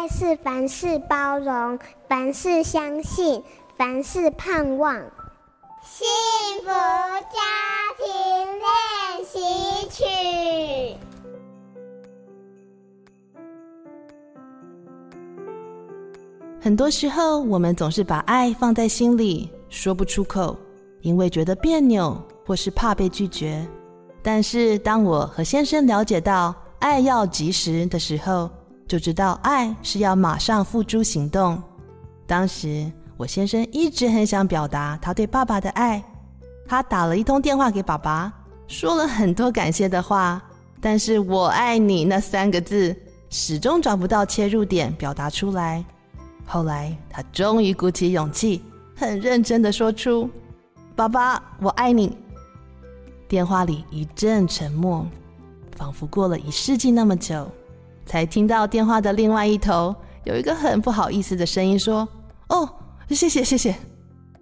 愛是凡事包容，凡事相信，凡事盼望。幸福家庭練習曲。很多時候，我們總是把愛放在心裡，說不出口，因為覺得彆扭，或是怕被拒絕。但是，當我和先生了解到愛要及時的時候，就知道愛是要馬上付諸行動。當時我先生一直很想表達他對爸爸的愛，他打了一通電話給爸爸，說了很多感謝的話，但是我愛你那三個字始終找不到切入點表達出來。後來他終於鼓起勇氣，很認真的說出：“爸爸，我愛你。”電話裡一陣沉默，仿佛過了一世紀那麼久。才聽到電話的另外一頭有一個很不好意思的聲音說：“哦，謝謝謝謝。”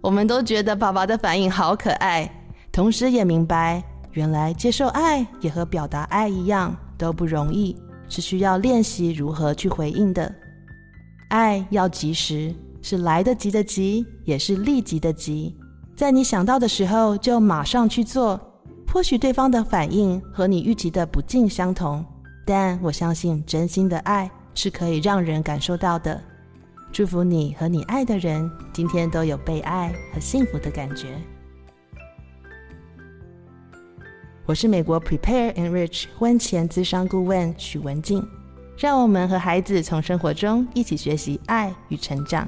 我們都覺得爸爸的反應好可愛，同時也明白，原來接受愛也和表達愛一樣都不容易，是需要練習如何去回應的。愛要及時，是來得及的“及”，也是立即的「即」。在你想到的時候就馬上去做，或許對方的反應和你預計的不盡相同。但我相信，真心的愛是可以讓人感受到的。祝福你和你愛的人，今天都有被愛和幸福的感覺。我是美國 Prepare/Enrich 婚前諮商顧問許文靜，讓我們和孩子從生活中一起學習愛與成長。